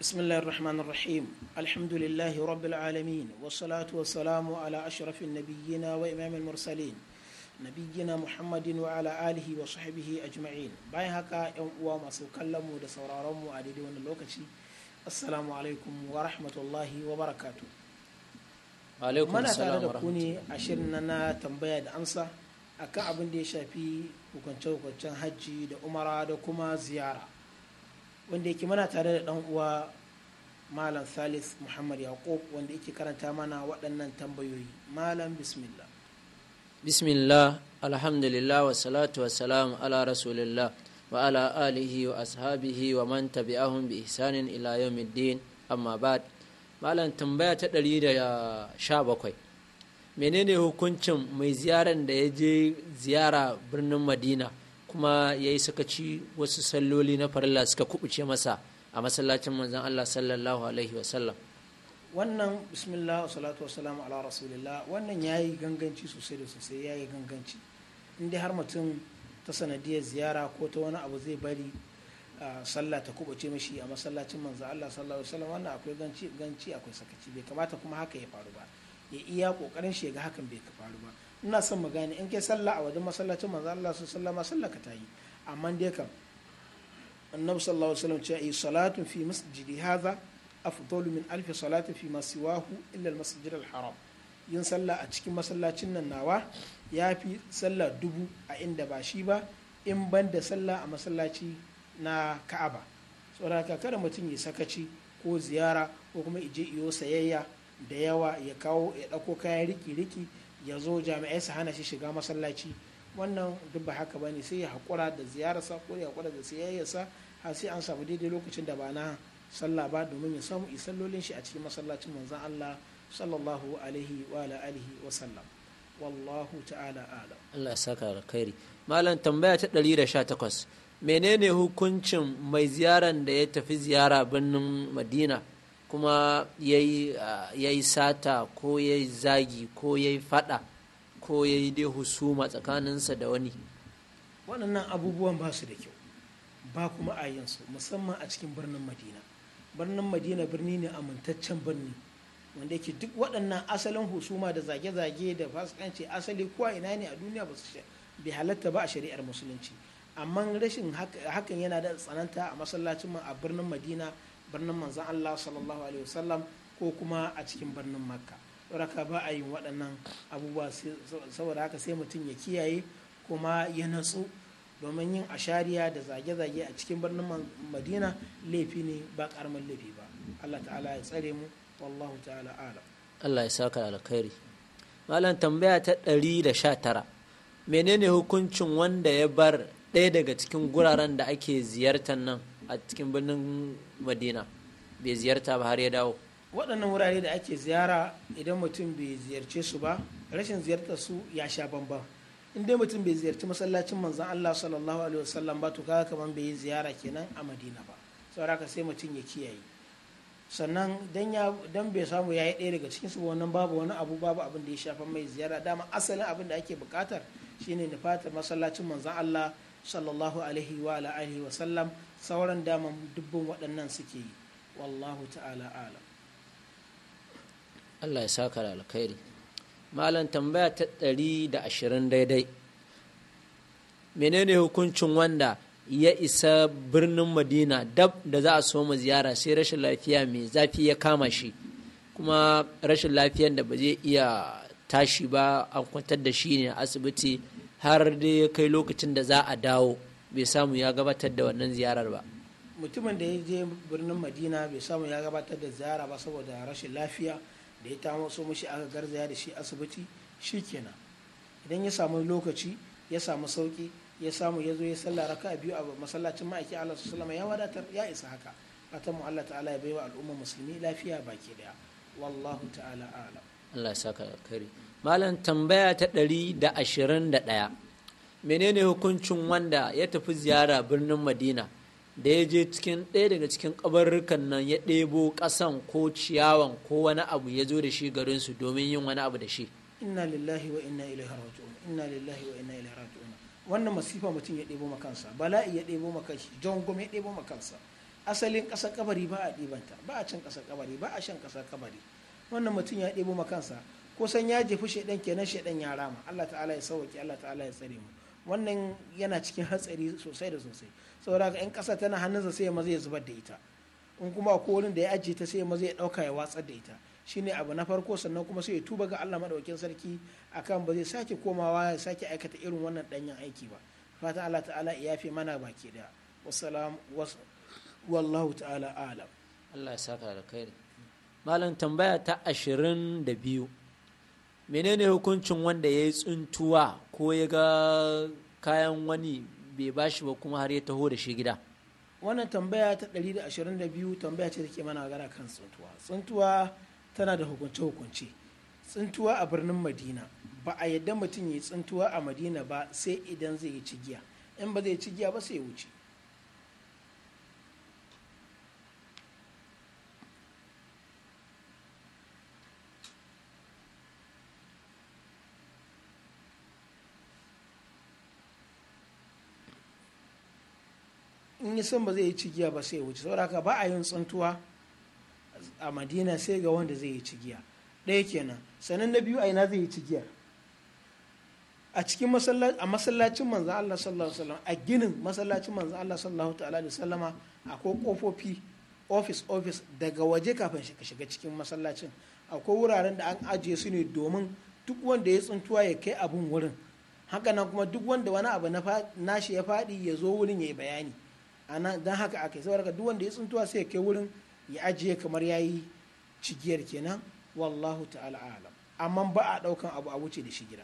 بسم الله الرحمن الرحيم الحمد لله رب العالمين والصلاة والسلام على أشرف النبيين وإمام المرسلين نبينا محمد وعلى آله وصحبه أجمعين باي هكا يوم وما سوكلم ودسورا رمو عددون اللوكشي السلام عليكم ورحمة الله وبركاته عليكم mana tare da ku ne ashirin na tambaya da amsa akan abin da ya shafi hukunce-hukuncen hajji da umara da kuma ziyara wanda yake mana tare da ɗan uwa malam salis muhammad yaqub wanda yake karanta mana waɗannan tambayoyi malam bismillah bismillah alhamdulillah wa salatu wa salam ala rasulillah wa ala alihi wa ashabihi wa man tabi'ahum bi ihsanin ila yawmiddin amma ba'd malam tambaya ta ɗari 117 menene hukuncin mai ziyarar da ya je ziyara birnin madina kuma ya yi sakaci wasu salloli na farilla suka kubuce masa a masallacin manzan Allah sallallahu alaihi wasallam wannan bismillah salatu wasalam ala rasulillah wannan ya yi ganganci sosai da sosai ya yi ganganci inda har mutum ta sanadiyar ziyara ko ta wani abu zai bari sallah ta kubuce mashi a masallacin manzan Allah sallallahu alaihi wasallam wannan akwai ganci akwai sakaci bai kamata kuma haka ya faru ba ya iya kokarin shi ga hakan bai faru ba ina son mu gane in kai sallah a wajen masallacin manzo Allah su sallama ka ta yi amma dai kam annabi sallallahu alaihi wasallam ce ai salatu fi masjidi hadha afdalu min alf salati fi ma siwahu illa al-masjid haram yin sallah a cikin masallacin nan nawa ya fi sallah dubu a inda ba shi ba in ban da sallah a masallaci na ka'aba saboda kada mutum ya sakaci ko ziyara ko kuma ije iyo sayayya da yawa ya kawo ya ɗauko kayan riki-riki ya zo jami'ai su hana shi shiga masallaci wannan duk ba haka bane sai ya haƙura da ziyararsa ko ya haƙura da siyayyarsa har sai an samu daidai lokacin da ba na sallah ba domin ya samu isallolin shi a cikin masallacin manzon Allah sallallahu alaihi wa alihi wa sallam wallahu ta'ala ala Allah saka alkhairi malam tambaya ta 118 menene hukuncin mai ziyaran da ya tafi ziyara birnin Madina kuma ya yi sata ko ya yi zagi ko ya yi fada ko ya yi dai husuma tsakaninsa da wani waɗannan abubuwan ba su da kyau ba kuma a yansu musamman a cikin birnin madina birnin madina birni ne amintaccen birni wanda yake duk waɗannan asalin husuma da zage-zage da fasikanci asali kuwa ina ne a duniya ba su bi halatta ba a shari'ar musulunci amma rashin hakan yana da tsananta a masallacin a birnin madina birnin manzan Allah sallallahu alaihi wasallam ko kuma a cikin birnin makka raka ba a yi waɗannan abubuwa saboda haka sai mutum ya kiyaye kuma ya natsu domin yin ashariya da zage-zage a cikin birnin madina laifi ne ba karamin laifi ba allah ta'ala ya tsare mu wallahu ta'ala ala allah ya saka alkhairi malam tambaya ta 119 menene hukuncin wanda ya bar ɗaya daga cikin guraren da ake ziyartar nan a cikin birnin madina bai ziyarta ba har ya dawo waɗannan wurare da ake ziyara idan mutum bai ziyarce su ba rashin ziyartar su ya sha bamban in dai mutum bai ziyarci masallacin manzon Allah sallallahu alaihi wasallam ba to kaga kamar bai yi ziyara kenan a Madina ba saboda haka sai mutum ya kiyaye sannan dan ya dan bai samu yayi ɗaya daga cikin su wannan babu wani abu babu abin da ya shafa mai ziyara dama asalin abin da ake bukatar shine nufatar masallacin manzon Allah sallallahu alaihi wa alihi sauran dama dubbin waɗannan suke yi wallahu ta'ala alam Allah ya saka da alkhairi malam tambaya ta ɗari da ashirin daidai menene hukuncin wanda ya isa birnin madina dab da za a soma ziyara sai rashin lafiya mai zafi ya kama shi kuma rashin lafiyan da ba zai iya tashi ba an kwantar da shi ne a asibiti har dai ya kai lokacin da za a dawo bai samu ya gabatar da wannan ziyarar ba mutumin da ya je birnin madina bai samu ya gabatar da ziyara ba saboda rashin lafiya da ya ta so mushi aka garzaya da shi asibiti shi kenan idan ya samu lokaci ya samu sauki ya samu ya zo ya sallah raka biyu a masallacin ma'aiki Allah salama ya wadatar ya isa haka fatan mu Allah ta'ala ya bai wa al'umma musulmi lafiya baki daya wallahu ta'ala a'lam Allah ya saka kare malam tambaya ta ɗari da ashirin da ɗaya menene hukuncin wanda ya tafi ziyara birnin madina da ya je cikin ɗaya daga cikin ƙabarrukan nan ya ɗebo ƙasan ko ciyawan ko wani abu ya zo da shi garinsu domin yin wani abu da shi inna lillahi wa inna ilaihi raji'un inna lillahi wa inna ilaihi raji'un wannan masifa mutum ya ɗebo makansa bala'i ya ɗebo makansa john gome ya ɗebo makansa asalin ƙasar kabari ba a ɗibanta ba a can ƙasar kabari ba a shan ƙasar kabari wannan mutum ya ɗebo makansa kusan ya jefi shaidan kenan shaidan ya rama Allah ta'ala ya sauwaƙi Allah ta'ala ya tsare mu wannan yana cikin hatsari sosai da sosai saboda ga in kasa tana hannunsa sai maza ya zubar da ita in kuma ko da ya ajiye ta sai maza ya dauka ya watsar da ita shine abu na farko sannan kuma sai ya tuba ga Allah madaukakin sarki akan ba zai sake komawa ya sake aikata irin wannan danyen aiki ba fatan Allah ta'ala ya fi mana baki da wassalam wallahu ta'ala alam Allah ya saka da kai malam tambaya ta ashirin da biyu menene hukuncin wanda ya yi tsuntuwa ko ya ga kayan wani bai ba shi ba kuma har ya taho da shi gida wannan tambaya ta 122 tambaya ce da ke mana magana kan tsuntuwa tsuntuwa tana da hukunce-hukunce tsuntuwa a birnin madina ba a yadda mutum ya yi tsuntuwa a madina ba sai idan zai yi cigiya in ba zai cigiya ba sai ya wuce in ya san ba zai yi cigiya ba sai ya wuce saboda haka ba a yin tsantuwa a madina sai ga wanda zai yi cigiya ɗaya kenan sannan na biyu a ina zai yi cigiyar a cikin masallacin manzan Allah sallallahu alaihi a ginin masallacin manzan Allah sallallahu alaihi wasallama akwai kofofi office office daga waje kafin ka shiga cikin masallacin akwai wuraren da an ajiye su ne domin duk wanda ya tsuntuwa ya kai abun wurin haka nan kuma duk wanda wani abu na nashi ya faɗi ya zo wurin ya yi bayani ana dan haka aka saboda ka duk wanda ya tsuntuwa sai ya kai wurin ya ajiye kamar ya yi cigiyar kenan wallahu ta'ala alam amma ba a daukan abu a wuce da shi gida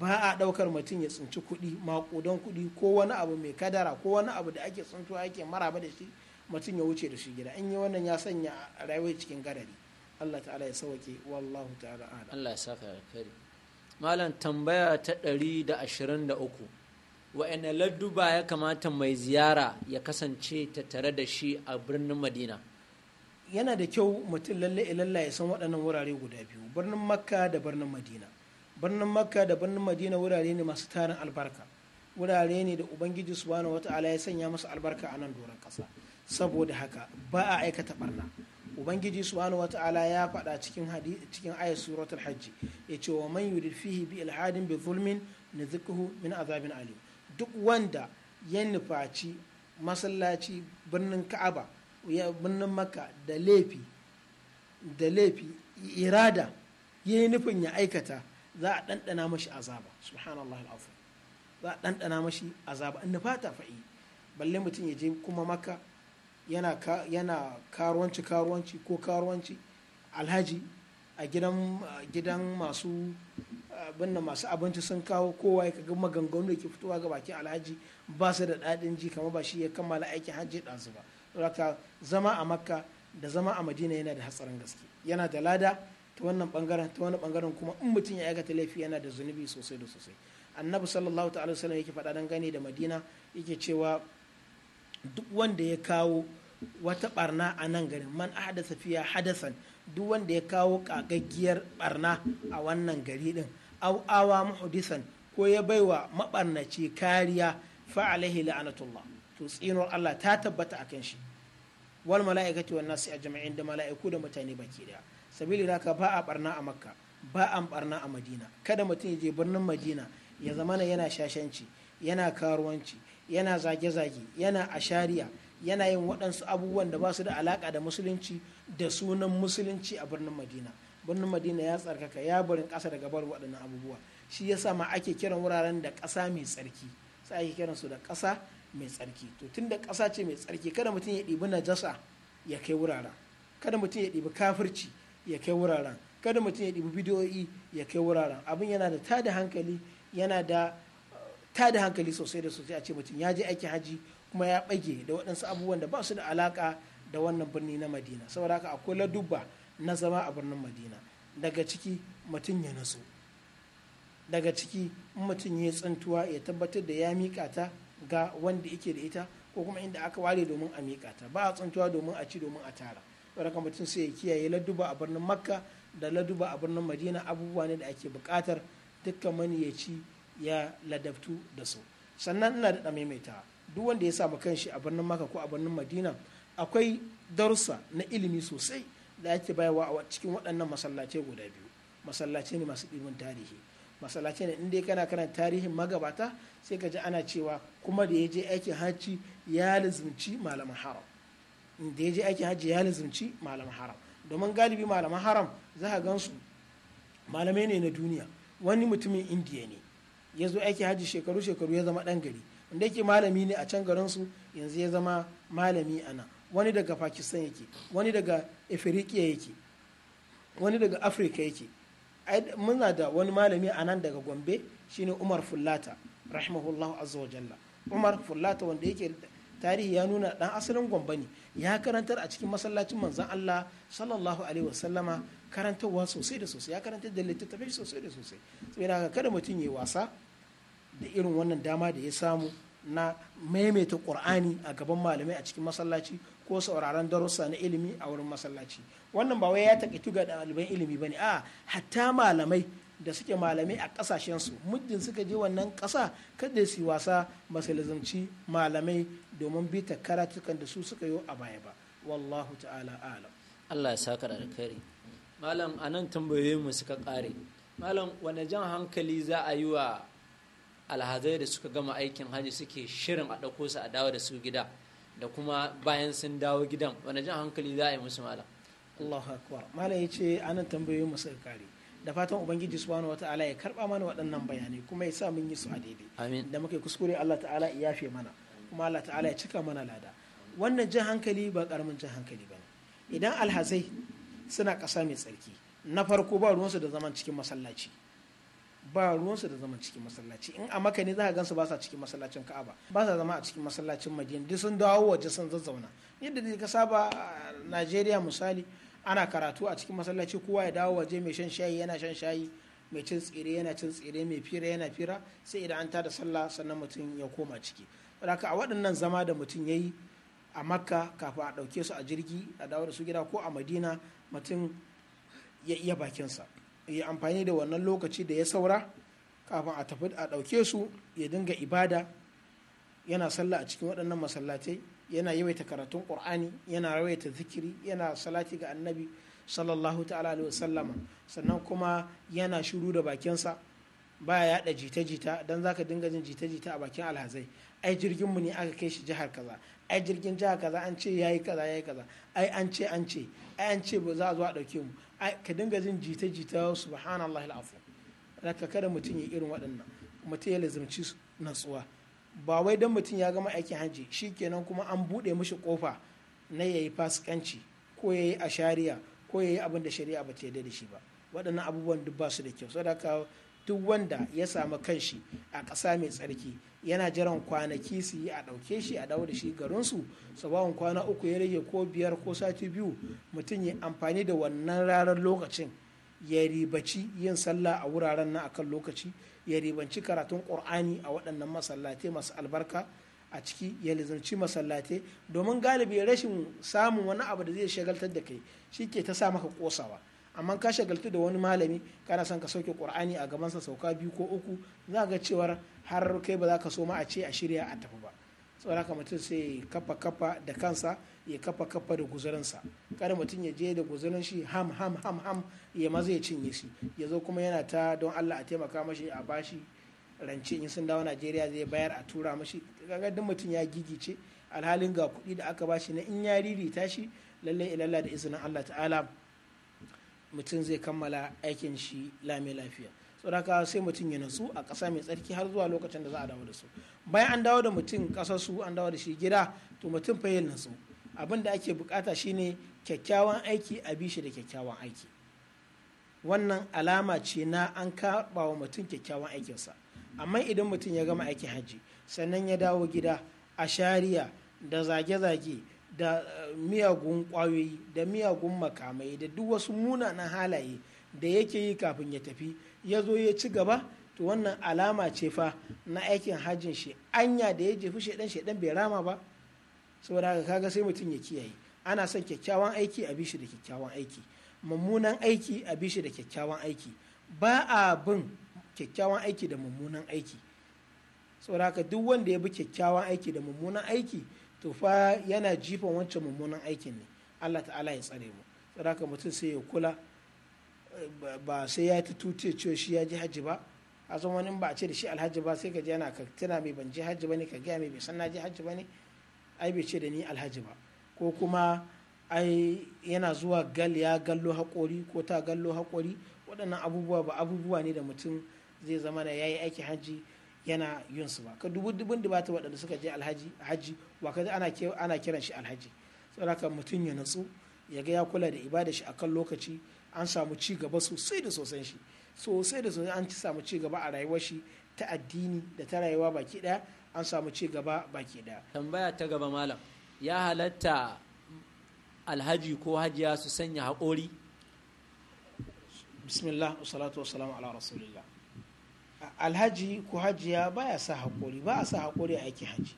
ba a daukar mutum ya tsinci kuɗi makudan kuɗi ko wani abu mai kadara ko wani abu da ake tsuntuwa ake maraba da shi mutum ya wuce da shi gida in yi wannan ya sanya rayuwar cikin gadari Allah ta'ala ya sauke wallahu ta'ala alam Allah ya saka alkhairi malam tambaya ta 123 wa'ina ladduba ya kamata mai ziyara ya kasance ta tare da shi a birnin madina yana da kyau mutum lalle lalla ya san waɗannan wurare guda biyu birnin makka da birnin madina birnin makka da birnin madina wurare ne masu tarin albarka wurare ne da ubangiji subhanahu wata'ala ya sanya masu albarka a nan doron ƙasa saboda haka ba a aikata barna ubangiji subhanahu wata'ala ya faɗa cikin cikin ayat suratul hajji ya ce wa man yurid fihi bi ilhadin bi zulmin min azabin alim duk wanda ya nufaci masallaci birnin ka'aba ya birnin maka da laifi da laifi irada ya yi nufin ya aikata za a ɗanɗana mashi azaba subhanallah al'afu za a ɗanɗana mashi azaba in ta fa'i balle mutum ya je kuma maka yana karuwanci karuwanci ko karuwanci alhaji a gidan masu abin masu abinci sun kawo kowa ya ga maganganu da ke fitowa ga bakin alhaji ba su da daɗin ji kamar ba shi ya kammala aikin hajji ɗansu ba raka zama a makka da zama a madina yana da hatsarin gaske yana da lada ta wannan bangaren ta wani bangaren kuma in mutum ya aikata laifi yana da zunubi sosai da sosai annabi sallallahu ta'ala wasallam yake faɗa da madina yake cewa duk wanda ya kawo wata barna a nan garin man ahdasa fiya hadasan duk wanda ya kawo kagaggiyar barna a wannan gari din aw awa muhdisan ko ya baiwa mabarnaci kariya fa la'anatullah to tsinuwar Allah ta tabbata a kan shi wal mala'ikati wan nasi ajma'in da mala'iku da mutane baki daya sabili haka ba a barna a makka ba an barna a madina kada mutum ya je birnin madina ya zamana yana shashanci yana karuwanci yana zage-zage yana ashariya yana yin waɗansu abubuwan da ba su da alaƙa da musulunci da sunan musulunci a birnin madina birnin madina ya tsarkaka ya barin ƙasa daga bar waɗannan abubuwa shi yasa ma ake kiran wuraren da ƙasa mai tsarki sai ake kiran su da ƙasa mai tsarki to tun da ƙasa ce mai tsarki kada mutum ya ɗibi najasa ya kai wuraren kada mutum ya ɗibi kafirci ya kai wuraren kada mutum ya ɗibi bidiyoyi ya kai wuraren abin yana da tada hankali yana da eh, tada hankali sosai da sosai a ce mutum ya je aiki haji kuma ya ɓage da waɗansu abubuwan da ba su da alaƙa da wannan birni na madina saboda haka akwai ladubba na zama a birnin madina daga ciki mutum ya naso daga ciki mutum ya tsantuwa ya tabbatar da ya miƙa ta ga wanda yake da ita ko kuma inda aka ware domin a miƙa ta ba a tsantuwa domin a ci domin a tara wadda mutum sai ya kiyaye laduba a birnin makka da laduba a birnin madina abubuwa ne da ake buƙatar dukkan mani ya ladabtu da su sannan ina da maimaita duk wanda ya samu kanshi a birnin makka ko a birnin madina akwai darussa na ilimi sosai da ake bayarwa a cikin waɗannan masallace guda biyu masallace ne masu ɗimin tarihi masallace ne inda kana kana tarihin magabata sai ka ji ana cewa kuma da ya je aikin hajji ya lazumci malaman haram da ya je aikin hajji ya lazumci malaman haram domin galibi malaman haram za ka gansu malamai ne na duniya wani mutumin indiya ne ya zo aikin hajji shekaru shekaru ya zama ɗan gari wanda yake malami ne a can garinsu yanzu ya zama malami a nan wani daga pakistan yake wani daga afirikiya yake wani daga afirka yake muna da wani malami a nan daga gombe shine umar fullata rahimahullahu azza wa jalla umar Fulata wanda yake tarihi ya nuna dan asalin gombe ne ya karantar a cikin masallacin manzan allah sallallahu alaihi wasallama karantarwa sosai da sosai ya karantar da littattafai sosai da sosai saboda kada mutum ya yi wasa da irin wannan dama da ya samu na maimaita ƙur'ani a gaban malamai a cikin masallaci ko sauraron darussa na ilimi a wurin masallaci wannan ba wai ya taƙaitu ga ɗaliban ilimi ba ne a hatta malamai da suke malamai a ƙasashensu muddin suka je wannan ƙasa kada su wasa masalizanci malamai domin bi ta karatukan da su suka yi a baya ba wallahu ta'ala alam allah ya saka da alkhairi malam anan tambayoyin mu suka ƙare malam wane jan hankali za a yi wa alhazai da suka gama aikin hajji suke shirin a ɗauko su a dawo da su gida da kuma bayan sun dawo gidan wani jan hankali za a yi musu malam Allahu akbar mala ya ce anan tambayoyin mu kare da fatan ubangiji subhanahu ala ya karba mana waɗannan bayanai kuma ya sa mun yi su a daidai amin da muke kuskure Allah ta'ala ya yafe mana kuma Allah ta'ala ya cika mana lada wannan jan hankali ba karamin jan hankali bane idan alhazai suna ƙasa mai tsarki na farko ba ruwansu da zaman cikin masallaci ba ruwansu da zama cikin masallaci in a maka ne za ka gansu ba sa cikin masallacin ka'aba ba sa zama a cikin masallacin madina duk sun dawo waje sun zazzauna yadda ka saba najeriya misali ana karatu a cikin masallaci kowa ya dawo waje mai shan shayi yana shan shayi mai cin tsire yana cin tsire mai fira yana fira sai idan an tada sallah sannan mutum ya koma ciki haka a waɗannan zama da mutum ya yi a makka kafin a ɗauke su a jirgi a dawo da su gida ko a madina mutum ya iya bakinsa ya amfani da wannan lokaci da ya saura kafin a tafi a ɗauke su ya dinga ibada yana sallah a cikin waɗannan masallatai yana yawaita karatun ƙur'ani yana yawaita zikiri yana salati ga annabi sallallahu ta'ala alaihi sannan kuma yana shiru da bakinsa baya yaɗa jita-jita don zaka dinga jin jita-jita a bakin alhazai ai jirgin mu ne aka kai shi jihar kaza ai jirgin jihar kaza an ce yayi kaza yayi kaza ai an ce an ce ai an ce ba za a zo a ɗauke mu ka dinga jin jita-jita subhanallah al'afu ka kada mutum ya irin waɗannan mutum ya lazimci natsuwa ba wai don mutum ya gama aikin hajji shi kenan kuma an buɗe mashi kofa na yayi fasikanci ko yayi shari'a ko yayi abin da shari'a ba ta yarda da shi ba waɗannan abubuwan duk ba su da kyau saboda duk wanda ya samu kanshi a ƙasa mai tsarki yana jiran kwanaki su yi a ɗauke shi a dawo da shi garinsu tsawon kwana uku ya rage ko biyar ko sati biyu mutum ya amfani da wannan ranar lokacin ya ribaci yin sallah a wuraren nan akan lokaci ya ribanci karatun ƙur'ani a waɗannan masallatai masu albarka a ciki ya lizarci masallatai domin galibi rashin samun wani abu da zai shagaltar da kai shi ke ta sa maka ƙosawa amma ka shagaltu da wani malami kana son ka sauke qur'ani a gabansa sauka biyu ko uku za ga cewar har kai ba za ka so ma a ce a shirya a tafi ba saboda ka mutum sai kafa kafa da kansa ya kafa kafa da guzurinsa kada mutum ya je da guzurin shi ham ham ham ham ya maza ya cinye shi ya zo kuma yana ta don Allah a taimaka mashi a bashi rance in sun dawo Najeriya zai bayar a tura mashi kaga duk mutum ya gigice alhalin ga kuɗi da aka bashi na in ya tashi lallai ilalla da izinin Allah ta'ala mutum zai kammala aikin shi lami lafiya saboda sai mutum ya natsu a ƙasa mai tsarki har zuwa lokacin da za a dawo da su bayan an dawo da mutum ƙasar su an dawo da shi gida to mutum fa yin nutsu abin da ake bukata shine kyakkyawan aiki a bi shi da kyakkyawan aiki wannan alama ce na an karɓa wa mutum kyakkyawan aikinsa amma idan mutum ya gama aikin hajji sannan ya dawo gida a shari'a da zage-zage da eh, miyagun kwayoyi da miyagun makamai da duk wasu na halaye da yake yi kafin ya tafi ya zo ya ci gaba to wannan alama ce fa na aikin hajjin shi anya da ya jefi shaidan shaidan bai rama ba saboda haka kaga sai mutum ya kiyaye ana son kyakkyawan aiki a bishi da kyakkyawan aiki mummunan aiki a bishi da kyakkyawan aiki ba a bin kyakkyawan aiki da mummunan aiki saboda haka duk wanda ya bi kyakkyawan aiki da mummunan aiki to yana jifan wancan mummunan aikin ne Allah ta'ala ya tsare mu saboda mutum sai ya kula ba sai ya ta tuce cewa shi ya ji hajji ba a zan wani ba a ce da shi alhaji ba sai ka ji yana ka tuna mai ban ji hajji ba ne ka gaya mai bai san na ji hajji ba ne ai bai ce da ni alhaji ba ko kuma ai yana zuwa gal ya gallo haƙori ko ta gallo haƙori waɗannan abubuwa ba abubuwa ne da mutum zai zama da ya yi aiki hajji yana yin su ba ka dubu dubun ta waɗanda suka je alhaji haji wa ka ana ana kiran shi alhaji saboda mutum ya natsu ya ga ya kula da ibada shi akan lokaci an samu ci gaba sosai da sosan shi sosai da sosai an samu ci gaba a rayuwar shi ta addini da ta rayuwa baki daya an samu ci gaba baki daya tambaya ta gaba malam ya halatta alhaji ko hajiya su sanya haƙori bismillah salatu wassalamu ala rasulillah alhaji ko hajiya baya sa haƙuri ba a sa haƙuri a aikin haji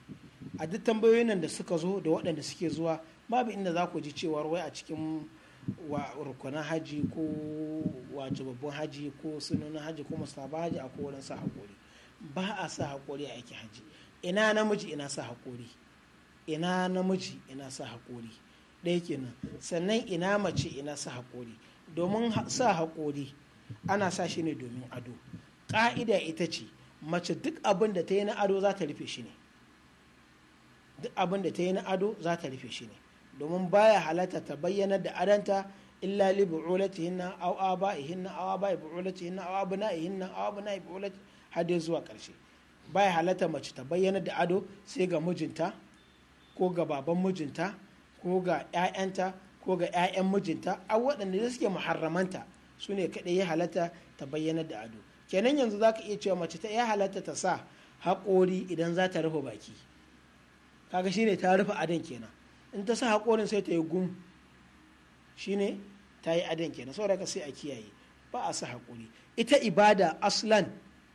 a duk tambayoyin nan da suka zo da waɗanda suke zuwa babu inda za ku ji cewa wai a cikin wa rukunan haji ko wajibabban haji ko sunanin haji ko mustaban haji a kowane sa haƙuri ba a sa haƙuri a aikin haji ina namiji ina sa haƙuri ina namiji ina sa haƙuri ɗaya kenan sannan ina mace ina sa haƙuri domin sa haƙuri ana sa shi ne domin ado ka'ida ita ce mace duk abin da ta yi na ado za ta rufe shi ne duk abin da ta yi na ado za ta rufe shi ne domin baya halatta ta bayyana da adanta illa li hinna aw hinna aw aba'i hinna aw hinna aw abna'i bu'ulati har zuwa karshe baya halatta mace ta bayyana da ado sai ga mijinta ko ga baban mijinta ko ga 'ya'yanta ko ga 'ya'yan mijinta a waɗanda suke muharramanta su ne kaɗai ya halatta ta bayyana da ado kenan yanzu za ka iya cewa mace ta iya halatta ta sa haƙori idan za ta rufe baki kaga shine ta rufe adon kenan in ta sa haƙorin sai ta yi gum shine ta yi adon kenan sau ka sai a kiyaye ba a sa haƙori ita ibada aslan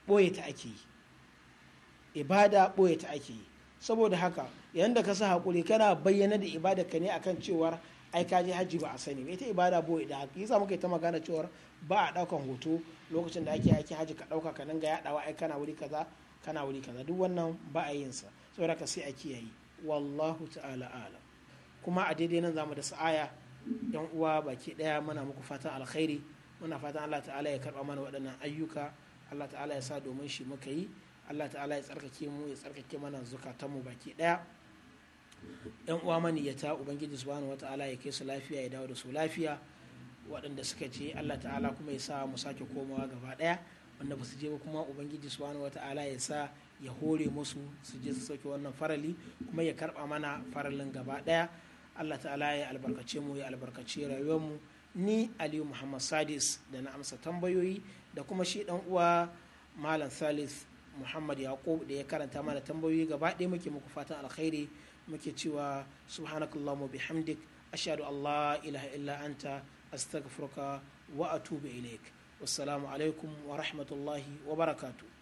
ɓoye ta ake yi ibada ɓoye ta ake yi saboda haka yadda ka sa haƙuri kana bayyana da ibada ka ne akan cewar ai ka je hajji ba a sani ba ita ibada boye da haka yasa muka yi ta magana cewar ba a daukan hoto lokacin da ake aiki hajji ka ɗauka ka dinga yaɗawa ai kana wuri kaza kana wuri kaza duk wannan ba a yin sa saboda ka sai a kiyaye wallahu ta'ala alam kuma a daidai nan zamu da sa'aya yan uwa baki daya muna muku fatan alkhairi muna fatan Allah ta'ala ya karba mana waɗannan ayyuka Allah ta'ala ya sa domin shi muka yi Allah ta'ala ya tsarkake mu ya tsarkake mana zukatanmu baki daya yan uwa maniyyata ubangiji subhanahu wataala ya kai su lafiya ya dawo da su lafiya waɗanda suka ce Allah ta'ala kuma ya sa mu sake komawa gaba ɗaya wanda ba su je ba kuma ubangiji subhanahu wataala ya sa ya hore musu su je su sauke wannan farali kuma ya karba mana faralin gaba ɗaya Allah ta'ala ya albarkace mu ya albarkace rayuwar mu ni aliyu muhammad sadis da na amsa tambayoyi da kuma shi dan uwa malam salis muhammad yaqub da ya karanta mana tambayoyi gaba ɗaya muke muku fatan alkhairi muke cewa subhanakallahumma bihamdik ashhadu an la ilaha illa anta astaghfiruka wa atubu ilaik wassalamu alaikum wa rahmatullahi wa barakatuh